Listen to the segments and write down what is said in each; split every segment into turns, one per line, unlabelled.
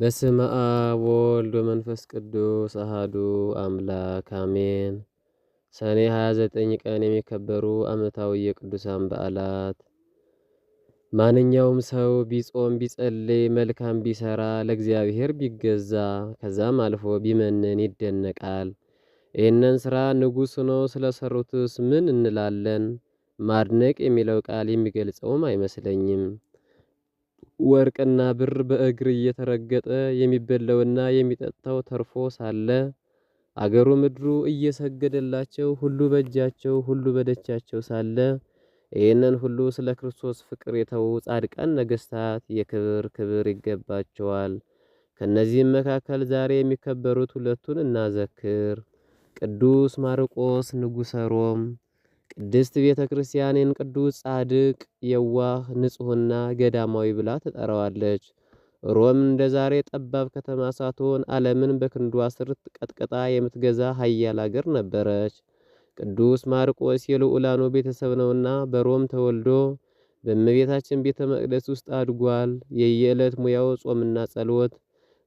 በስመ አብ ወወልድ ወመንፈስ ቅዱስ አሃዱ አምላክ አሜን። ሰኔ 29 ቀን የሚከበሩ ዓመታዊ የቅዱሳን በዓላት ማንኛውም ሰው ቢጾም ቢጸልይ መልካም ቢሰራ ለእግዚአብሔር ቢገዛ ከዛም አልፎ ቢመንን ይደነቃል። ይህንን ስራ ንጉሥ ስለ ስለሰሩትስ ምን እንላለን? ማድነቅ የሚለው ቃል የሚገልጸውም አይመስለኝም። ወርቅና ብር በእግር እየተረገጠ የሚበላውና የሚጠጣው ተርፎ ሳለ አገሩ ምድሩ እየሰገደላቸው ሁሉ በእጃቸው ሁሉ በደቻቸው ሳለ ይህንን ሁሉ ስለ ክርስቶስ ፍቅር የተዉ ጻድቃን ነገስታት የክብር ክብር ይገባቸዋል። ከእነዚህም መካከል ዛሬ የሚከበሩት ሁለቱን እናዘክር። ቅዱስ ማርቆስ ንጉሠ ሮም ቅድስት ቤተ ክርስቲያንን ቅዱስ ጻድቅ፣ የዋህ ንጹሕና ገዳማዊ ብላ ትጠራዋለች። ሮም እንደ ዛሬ ጠባብ ከተማ ሳትሆን ዓለምን በክንዷ ስር ቀጥቅጣ የምትገዛ ሀያል አገር ነበረች። ቅዱስ ማርቆስ የልዑላኑ ቤተሰብ ነውና በሮም ተወልዶ በእመቤታችን ቤተ መቅደስ ውስጥ አድጓል። የየዕለት ሙያው ጾምና ጸሎት፣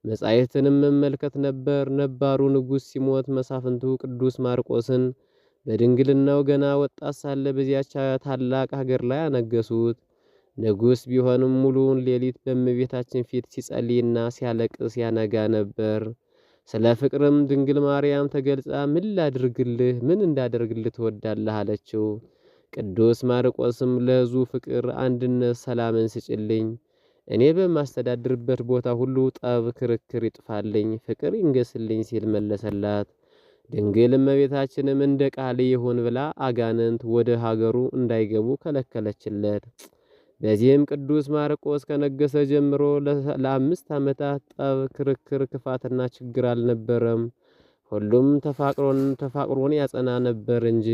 መጻሕፍትንም መመልከት ነበር። ነባሩ ንጉሥ ሲሞት መሳፍንቱ ቅዱስ ማርቆስን በድንግልናው ገና ወጣት ሳለ በዚያች ታላቅ ሀገር ላይ አነገሱት። ንጉሥ ቢሆንም ሙሉውን ሌሊት በእመቤታችን ፊት ሲጸልይና ሲያለቅስ ያነጋ ነበር። ስለ ፍቅርም ድንግል ማርያም ተገልጻ ምን ላድርግልህ፣ ምን እንዳደርግልህ ትወዳለህ አለችው። ቅዱስ ማርቆስም ለሕዝቡ ፍቅር፣ አንድነት፣ ሰላምን ስጭልኝ፣ እኔ በማስተዳድርበት ቦታ ሁሉ ጠብ፣ ክርክር ይጥፋልኝ፣ ፍቅር ይንገስልኝ ሲል መለሰላት። ድንግል እመቤታችንም እንደ ቃል ይሁን ብላ አጋንንት ወደ ሀገሩ እንዳይገቡ ከለከለችለት። በዚህም ቅዱስ ማርቆስ ከነገሰ ጀምሮ ለአምስት ዓመታት ጠብ፣ ክርክር፣ ክፋትና ችግር አልነበረም። ሁሉም ተፋቅሮን ያጸና ነበር እንጂ።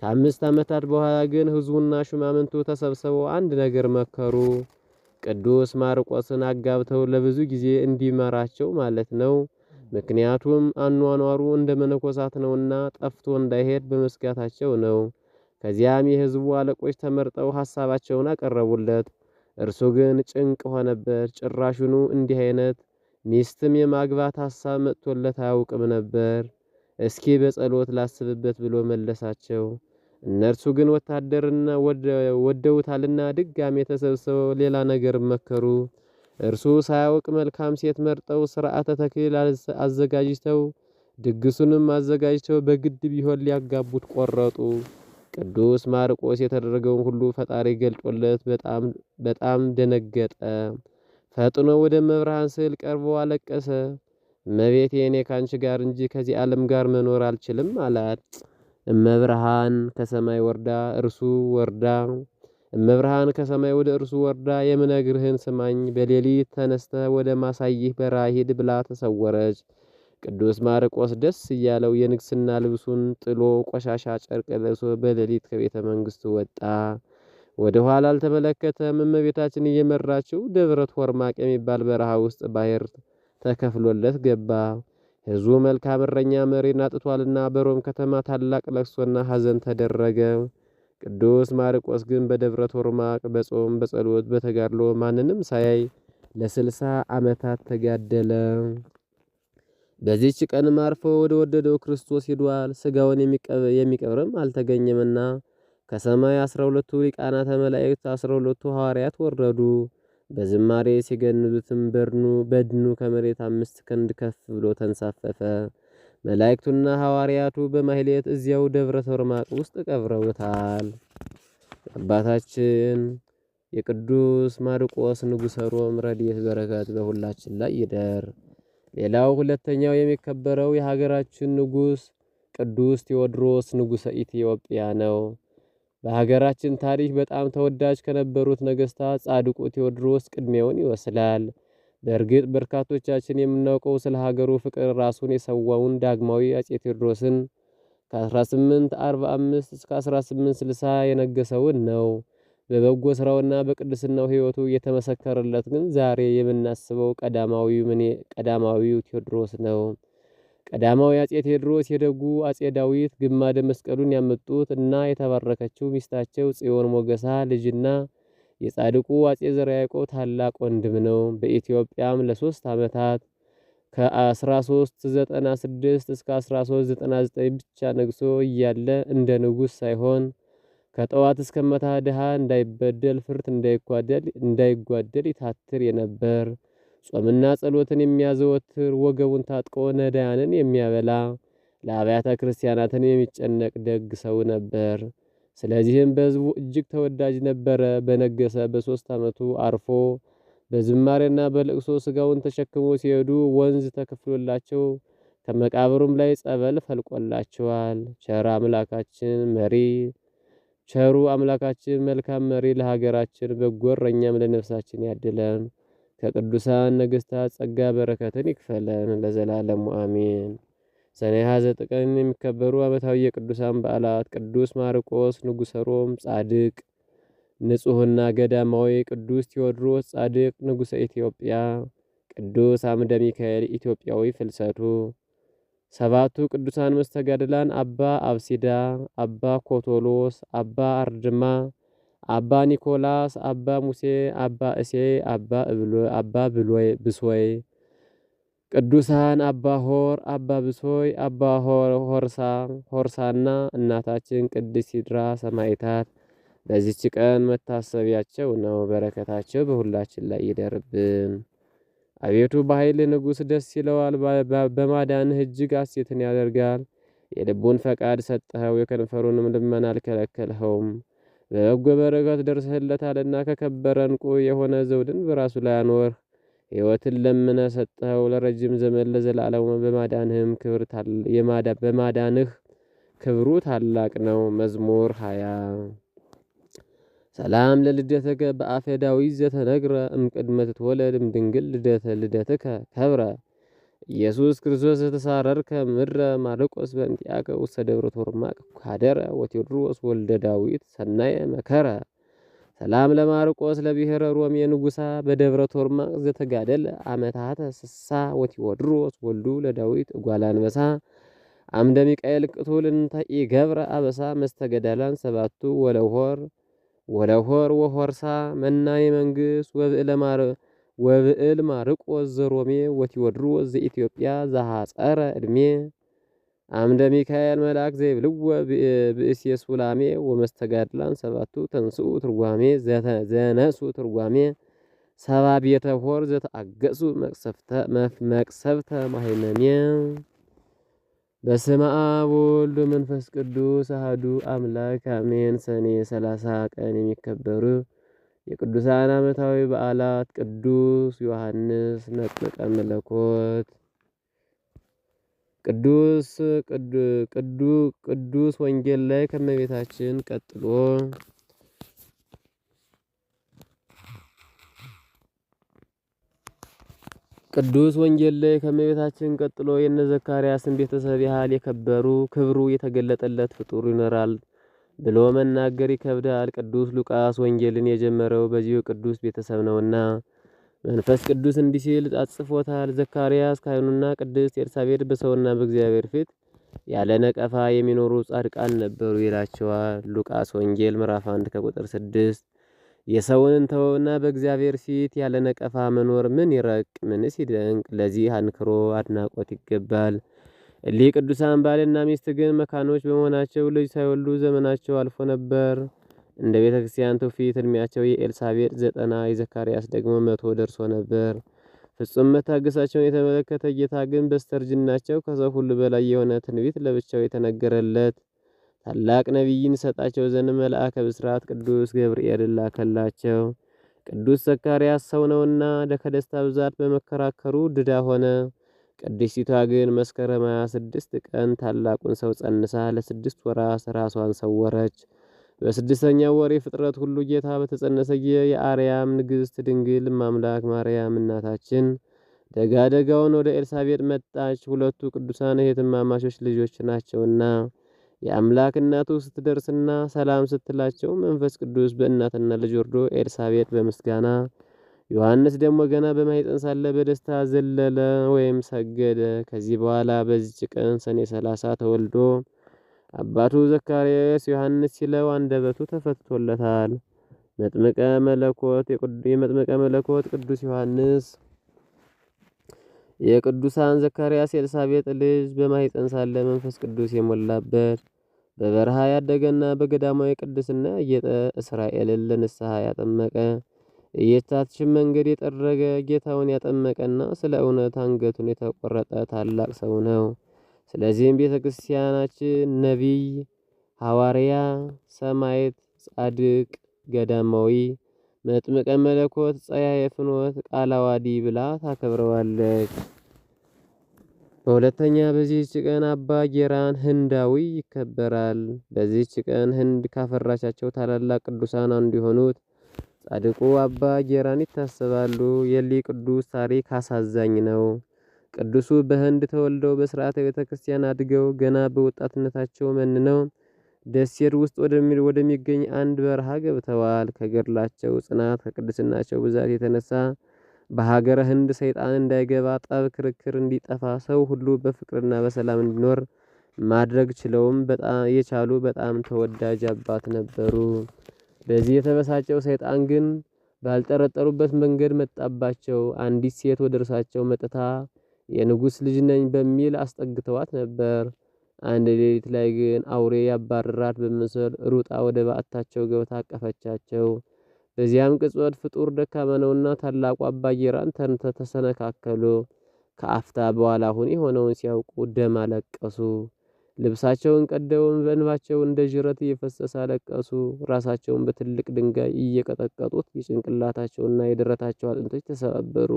ከአምስት ዓመታት በኋላ ግን ሕዝቡና ሹማምንቱ ተሰብስበው አንድ ነገር መከሩ። ቅዱስ ማርቆስን አጋብተው ለብዙ ጊዜ እንዲመራቸው ማለት ነው። ምክንያቱም አኗኗሩ እንደ መነኮሳት ነውና ጠፍቶ እንዳይሄድ በመስጋታቸው ነው። ከዚያም የሕዝቡ አለቆች ተመርጠው ሐሳባቸውን አቀረቡለት። እርሱ ግን ጭንቅ ሆነበት። ጭራሹኑ እንዲህ አይነት ሚስትም የማግባት ሐሳብ መጥቶለት አያውቅም ነበር። እስኪ በጸሎት ላስብበት ብሎ መለሳቸው። እነርሱ ግን ወታደርና ወደውታልና ድጋሜ ተሰብስበው ሌላ ነገር መከሩ። እርሱ ሳያውቅ መልካም ሴት መርጠው ስርዓተ ተክሊል አዘጋጅተው ድግሱንም አዘጋጅተው በግድ ቢሆን ሊያጋቡት ቆረጡ። ቅዱስ ማርቆስ የተደረገውን ሁሉ ፈጣሪ ገልጦለት በጣም ደነገጠ። ፈጥኖ ወደ መብርሃን ስዕል ቀርቦ አለቀሰ። እመቤቴ እኔ ካንቺ ጋር እንጂ ከዚህ ዓለም ጋር መኖር አልችልም አላት። እመብርሃን ከሰማይ ወርዳ እርሱ ወርዳ እመብርሃን ከሰማይ ወደ እርሱ ወርዳ የምነግርህን ስማኝ፣ በሌሊት ተነስተ ወደ ማሳይህ በረሃ ሂድ ብላ ተሰወረች። ቅዱስ ማርቆስ ደስ እያለው የንግስና ልብሱን ጥሎ ቆሻሻ ጨርቅ ለብሶ በሌሊት ከቤተ መንግስቱ ወጣ። ወደ ኋላ አልተመለከተም። እመቤታችን እየመራችው ደብረ ሆርማቅ የሚባል በረሃ ውስጥ ባህር ተከፍሎለት ገባ። ሕዝቡ መልካም እረኛ መሪን አጥቷልና በሮም ከተማ ታላቅ ለቅሶና ሐዘን ተደረገ። ቅዱስ ማርቆስ ግን በደብረ ቶርማቅ በጾም በጸሎት በተጋድሎ ማንንም ሳያይ ለስልሳ ዓመታት ተጋደለ። በዚህች ቀንም አርፎ ወደ ወደደው ክርስቶስ ሂዷል። ስጋውን የሚቀብርም አልተገኘምና ከሰማይ አስራ ሁለቱ ሊቃናተ መላእክት አስራ ሁለቱ ሐዋርያት ወረዱ። በዝማሬ ሲገንዙትም በድኑ በድኑ ከመሬት አምስት ክንድ ከፍ ብሎ ተንሳፈፈ። መላእክቱና ሐዋርያቱ በማህሌት እዚያው ደብረ ተርማቅ ውስጥ ቀብረውታል። አባታችን የቅዱስ ማርቆስ ንጉሠ ሮም ረድኤት በረከት በሁላችን ላይ ይደር። ሌላው ሁለተኛው የሚከበረው የሀገራችን ንጉሥ ቅዱስ ቴዎድሮስ ንጉሠ ኢትዮጵያ ነው። በሀገራችን ታሪክ በጣም ተወዳጅ ከነበሩት ነገስታት ጻድቁ ቴዎድሮስ ቅድሚያውን ይወስዳል። በእርግጥ በርካቶቻችን የምናውቀው ስለ ሀገሩ ፍቅር ራሱን የሰዋውን ዳግማዊ አጼ ቴዎድሮስን ከ1845 እስከ 1860 የነገሰውን ነው። በበጎ ስራውና በቅድስናው ህይወቱ የተመሰከረለት ግን ዛሬ የምናስበው ቀዳማዊው ቀዳማዊው ቴዎድሮስ ነው። ቀዳማዊ አጼ ቴዎድሮስ የደጉ አጼ ዳዊት ግማደ መስቀሉን ያመጡት እና የተባረከችው ሚስታቸው ጽዮን ሞገሳ ልጅና የጻድቁ አጼ ዘርዓ ያዕቆብ ታላቅ ወንድም ነው። በኢትዮጵያም ለሶስት ዓመታት ከ1396 እስከ 1399 ብቻ ነግሶ እያለ እንደ ንጉሥ ሳይሆን ከጠዋት እስከ መታ ድሃ እንዳይበደል ፍርት እንዳይጓደል ይታትር የነበር ጾምና ጸሎትን የሚያዘወትር ወገቡን ታጥቆ ነዳያንን የሚያበላ ለአብያተ ክርስቲያናትን የሚጨነቅ ደግ ሰው ነበር። ስለዚህም በሕዝቡ እጅግ ተወዳጅ ነበረ። በነገሰ በሦስት ዓመቱ አርፎ በዝማሬና በልቅሶ ሥጋውን ተሸክሞ ሲሄዱ ወንዝ ተከፍሎላቸው ከመቃብሩም ላይ ጸበል ፈልቆላቸዋል። ቸር አምላካችን መሪ ቸሩ አምላካችን መልካም መሪ ለሀገራችን በጎረኛም ለነፍሳችን ያድለን። ከቅዱሳን ነገሥታት ጸጋ በረከትን ይክፈለን ለዘላለሙ አሜን። ሰኔ 29 ቀን የሚከበሩ ዓመታዊ የቅዱሳን በዓላት ቅዱስ ማርቆስ ንጉሠ ሮም ጻድቅ ንጹሕና ገዳማዊ፣ ቅዱስ ቴዎድሮስ ጻድቅ ንጉሠ ኢትዮጵያ፣ ቅዱስ አምደ ሚካኤል ኢትዮጵያዊ ፍልሰቱ። ሰባቱ ቅዱሳን መስተጋድላን አባ አብሲዳ፣ አባ ኮቶሎስ፣ አባ አርድማ፣ አባ ኒኮላስ፣ አባ ሙሴ፣ አባ እሴ፣ አባ ብሎይ ብሶይ ቅዱሳን አባ ሆር፣ አባ ብሶይ፣ አባ ሆርሳ ሆርሳና እናታችን ቅድስት ሲድራ ሰማይታት በዚች ቀን መታሰቢያቸው ነው። በረከታቸው በሁላችን ላይ ይደርብን። አቤቱ በኃይል ንጉሥ ደስ ይለዋል፣ በማዳንህ እጅግ አሴትን ያደርጋል። የልቡን ፈቃድ ሰጠኸው፣ የከንፈሩንም ልመና አልከለከልኸውም። በበጎ በረከት ደርሰህለታልና ከከበረ እንቁ የሆነ ዘውድን በራሱ ላይ አኖርህ። ሕይወትን ለምነ ሰጠኸው ለረጅም ዘመን ለዘላለሙ በማዳንህም ክብር በማዳንህ ክብሩ ታላቅ ነው። መዝሙር ሃያ ሰላም ለልደተከ በአፈ ዳዊት ዘተነግረ እምቅድመ ትትወለድ እምድንግል ልደተ ልደትከ ከብረ ኢየሱስ ክርስቶስ ዘተሳረርከ ምድረ ማርቆስ በእንጢያከ ውስተ ደብረ ቶርማቅ ካደረ ወቴድሮስ ወልደ ዳዊት ሰናየ መከረ ሰላም ለማርቆስ ለብሔረ ሮም የንጉሳ በደብረ ቶርማቅ የተጋደል አመታት ስሳ ወቲወድሮስ ወልዱ ለዳዊት እጓላ አንበሳ አምደ ሚካኤል ቅቱል እንተ ኢገብረ አበሳ መስተገዳላን ሰባቱ ወለሆር ወለሆር ወሆርሳ መናይ መንግስት ወብዕለ ማር ወብዕል ማርቆስ ዘሮሜ ወቲወድሮስ ዘኢትዮጵያ ዘሐፀረ እድሜ አምደ ሚካኤል መልአክ ዘይብልዎ ብእስ ሱላሜ ወመስተጋድላን ሰባቱ ተንስኡ ትርጓሜ ዘነሱ ትርጓሜ ሰባ ቤተ ሆር ዘተአገሱ መቅሰፍተ ማህመሜ በስመ አብ ወወልድ መንፈስ ቅዱስ አህዱ አምላክ አሜን። ሰኔ ሰላሳ ቀን የሚከበሩ የቅዱሳን ዓመታዊ በዓላት፦ ቅዱስ ዮሐንስ መጥምቀ መለኮት ቅዱስ ቅዱስ ወንጌል ላይ ከእመቤታችን ቀጥሎ ቅዱስ ወንጌል ላይ ከመቤታችን ቀጥሎ የነ ዘካርያስን ቤተሰብ ያህል የከበሩ ክብሩ የተገለጠለት ፍጡር ይኖራል ብሎ መናገር ይከብዳል። ቅዱስ ሉቃስ ወንጌልን የጀመረው በዚሁ ቅዱስ ቤተሰብ ነውና መንፈስ ቅዱስ እንዲህ ሲል አጽፎታል። ዘካርያስ ካህኑና ቅድስት ኤልሳቤጥ በሰውና በእግዚአብሔር ፊት ያለ ነቀፋ የሚኖሩ ጻድቃን ነበሩ ይላቸዋል። ሉቃስ ወንጌል ምዕራፍ 1 ከቁጥር 6። የሰውን ተወና በእግዚአብሔር ፊት ያለ ነቀፋ መኖር ምን ይረቅ ምንስ ይደንቅ! ለዚህ አንክሮ አድናቆት ይገባል። እሊህ ቅዱሳን ባልና ሚስት ግን መካኖች በመሆናቸው ልጅ ሳይወልዱ ዘመናቸው አልፎ ነበር። እንደ ቤተ ክርስቲያን ትውፊት ዕድሜያቸው የኤልሳቤጥ ዘጠና የዘካርያስ ደግሞ መቶ ደርሶ ነበር። ፍጹም መታገሳቸውን የተመለከተ ጌታ ግን በስተርጅናቸው ከሰው ሁሉ በላይ የሆነ ትንቢት ለብቻው የተነገረለት ታላቅ ነቢይን ሰጣቸው ዘንድ መልአከ ብስራት ቅዱስ ገብርኤል ላከላቸው። ቅዱስ ዘካርያስ ሰው ነውና ከደስታ ብዛት በመከራከሩ ድዳ ሆነ። ቅድስቲቷ ግን መስከረም 26 ቀን ታላቁን ሰው ጸንሳ ለስድስት ወራት ራሷን ሰወረች። በስድስተኛው ወር የፍጥረት ሁሉ ጌታ በተጸነሰ ጊዜ የአርያም ንግሥት ድንግል ማምላክ ማርያም እናታችን ደጋ ደጋውን ወደ ኤልሳቤጥ መጣች። ሁለቱ ቅዱሳን እህትማማቾች ልጆች ናቸውና የአምላክ እናቱ ስትደርስና ሰላም ስትላቸው መንፈስ ቅዱስ በእናትና ልጅ ወርዶ ኤልሳቤጥ በምስጋና ዮሐንስ ደግሞ ገና በማኅፀን ሳለ በደስታ ዘለለ ወይም ሰገደ። ከዚህ በኋላ በዚች ቀን ሰኔ ሰላሳ ተወልዶ አባቱ ዘካርያስ ዮሐንስ ሲለው አንደበቱ ተፈትቶለታል። መጥምቀ መለኮት የመጥምቀ መለኮት ቅዱስ ዮሐንስ የቅዱሳን ዘካርያስ የኤልሳቤጥ ልጅ በማኅፀን ሳለ መንፈስ ቅዱስ የሞላበት በበረሃ ያደገና በገዳማዊ ቅድስና ያጌጠ እስራኤልን ለንስሐ ያጠመቀ እየታችን መንገድ የጠረገ ጌታውን ያጠመቀና ስለ እውነት አንገቱን የተቆረጠ ታላቅ ሰው ነው። ስለዚህም ቤተ ክርስቲያናችን ነቢይ፣ ሐዋርያ፣ ሰማዕት፣ ጻድቅ፣ ገዳማዊ፣ መጥምቀ መለኮት፣ ጸያየ ፍኖት፣ ቃለ ብላ ታከብረዋለች። በሁለተኛ በዚህች ቀን አባ ጌራን ህንዳዊ ይከበራል። በዚህች ቀን ህንድ ካፈራቻቸው ታላላቅ ቅዱሳን አንዱ የሆኑት ጻድቁ አባ ጌራን ይታሰባሉ። የሊ ቅዱስ ታሪክ አሳዛኝ ነው። ቅዱሱ በህንድ ተወልደው በስርዓተ ቤተ ክርስቲያን አድገው ገና በወጣትነታቸው መንነው ደሴት ውስጥ ወደሚገኝ አንድ በረሃ ገብተዋል። ከገድላቸው ጽናት፣ ከቅድስናቸው ብዛት የተነሳ በሀገረ ህንድ ሰይጣን እንዳይገባ ጠብ፣ ክርክር እንዲጠፋ ሰው ሁሉ በፍቅርና በሰላም እንዲኖር ማድረግ ችለውም በጣም የቻሉ በጣም ተወዳጅ አባት ነበሩ። በዚህ የተበሳጨው ሰይጣን ግን ባልጠረጠሩበት መንገድ መጣባቸው። አንዲት ሴት ወደ እርሳቸው መጥታ የንጉሥ ልጅ ነኝ በሚል አስጠግተዋት ነበር። አንድ ሌሊት ላይ ግን አውሬ ያባረራት በመምሰል ሩጣ ወደ በዓታቸው ገብታ አቀፈቻቸው። በዚያም ቅጽበት ፍጡር ደካማ ነውና ታላቁ አባ ጌራን ተሰነካከሉ። ከአፍታ በኋላ ሁን የሆነውን ሲያውቁ ደም አለቀሱ። ልብሳቸውን ቀደውን በእንባቸው እንደ ጅረት እየፈሰሰ አለቀሱ። ራሳቸውን በትልቅ ድንጋይ እየቀጠቀጡት የጭንቅላታቸውና የደረታቸው አጥንቶች ተሰባበሩ።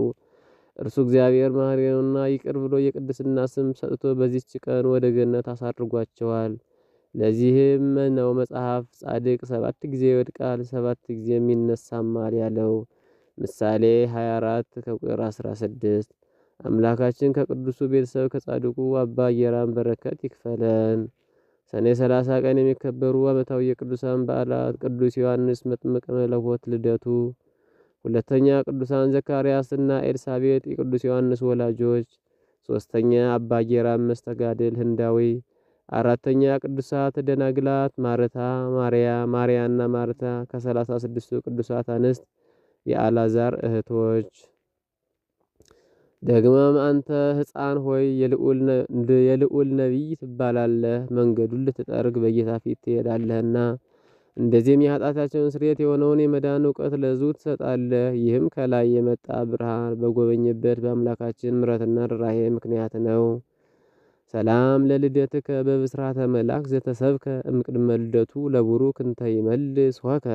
እርሱ እግዚአብሔር መሐሪ ነውና ይቅር ብሎ የቅድስና ስም ሰጥቶ በዚች ቀን ወደ ገነት አሳድርጓቸዋል። ለዚህም ነው መጽሐፍ ጻድቅ ሰባት ጊዜ ይወድቃል፣ ሰባት ጊዜ የሚነሳማል ያለው። ምሳሌ 24 ከቁጥር 16። አምላካችን ከቅዱሱ ቤተሰብ ከጻድቁ አባ ጌራን በረከት ይክፈለን። ሰኔ 30 ቀን የሚከበሩ ዓመታዊ የቅዱሳን በዓላት፦ ቅዱስ ዮሐንስ መጥምቀ መለኮት ልደቱ ሁለተኛ ቅዱሳን እና ኤልሳቤጥ የቅዱስ ዮሐንስ ወላጆች፣ ሶስተኛ አባ ጌራም መስተጋድል ህንዳዊ፣ አራተኛ ቅዱሳት ደናግላት ማርታ፣ ማርያ፣ ማርያና ማርታ ከሰላሳ ስድስቱ ቅዱሳት አንስት የአላዛር እህቶች። ደግሞም አንተ ሕፃን ሆይ የልዑል ነቢይ ትባላለህ፣ መንገዱን ልትጠርግ በጌታ ፊት ትሄዳለህና እንደዚህም የኃጢአታቸውን ስርየት የሆነውን የመዳን እውቀት ለዙ ትሰጣለህ። ይህም ከላይ የመጣ ብርሃን በጎበኘበት በአምላካችን ምረትና ርኅራኄ ምክንያት ነው። ሰላም ለልደትከ በብስራተ መልአክ ዘተሰብከ እምቅድመ ልደቱ ለቡሩክ እንተ ይመልስ ሆከ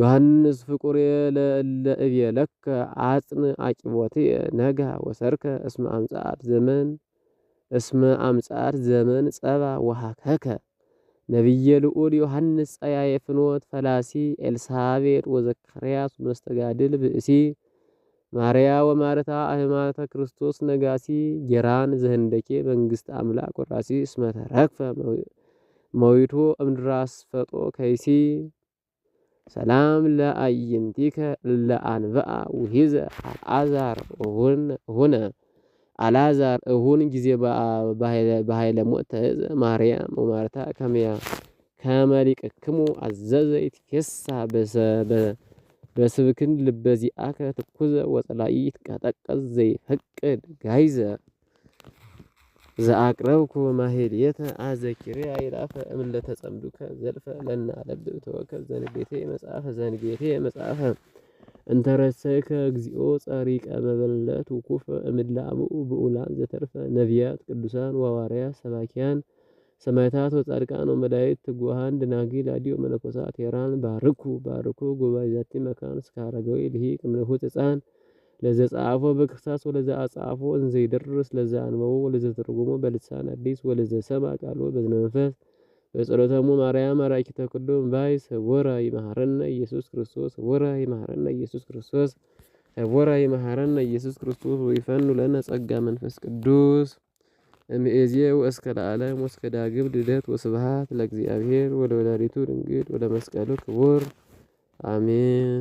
ዮሐንስ ፍቁሬ ለከ አጽን አቂቦትየ ነጋ ወሰርከ እስመ አምጻት ዘመን እስመ አምጻት ዘመን ጸባ ወሃከከ ነቢየ ልዑል ዮሐንስ ጸያየ ፍኖት ፈላሲ ኤልሳቤጥ ወዘካርያስ መስተጋድል ብእሲ ማርያ ወማርታ አህማተ ክርስቶስ ነጋሲ ጌራን ዘህንደኬ መንግስት አምላክ ወራሲ እስመተረክፈ መዊቶ እምድራስ ፈጦ ከይሲ ሰላም ለአይንቲከ ለአንበአ ውሂዘ አልዓዛር ሁነ አላዛር እሁን ጊዜ በሃይለ ሞተ ማርያም ወማርታ ከመያ ከመሊቅክሙ አዘዘይት ፌሳ በስብክን ልበዚአከ ትኩዘ ወጸላኢት ቀጠቀዝ ዘይፈቅድ ጋይዘ ዘአቅረብኩ ማሄልየተ አዘኪርያ ይላፈ እምለተጸምዱከ ዘልፈ ለናለብብ ተወከል ዘንቤቴ መጽሐፈ ዘንቤቴ መጽሐፈ እንተረሰይከ እግዚኦ ጻሪቀ በበለት ውኩፈ እምላብኡ ብኡላን ዘተርፈ ነቢያት ቅዱሳን ወሐዋርያት ሰባኪያን ሰማዕታት ወጻድቃን ወመላእክት ትጉሃን ደናግል አዲዮ መነኮሳት ሄራን ባርኩ ባርኩ ጉባኤ ዛቲ መካን እስከ አረጋዊ ልሂቅ ምንሁት ሕፃን ለዘ ጻፎ በክርሳስ ወለዘ አጻፎ እንዘ ይደርስ ለዘ አንበቦ ወለዘ ተርጉሞ በልሳን አዲስ ወለዘ ሰማ ቃሎ በዝነ መንፈስ በጸሎተሙ ማርያም አራኪተ ቅዱም ባይ ሰወራ ይመሐረነ ኢየሱስ ክርስቶስ ሰወራ ይመሐረነ ኢየሱስ ክርስቶስ ሰወራ ይመሐረነ ኢየሱስ ክርስቶስ ወይፈኑ ለነ ጸጋ መንፈስ ቅዱስ እምይእዜው እስከ ለዓለም ወእስከ ዳግም ልደት ወስብሐት ለእግዚአብሔር ወለወላዲቱ ድንግል ወለመስቀሉ ክቡር አሜን።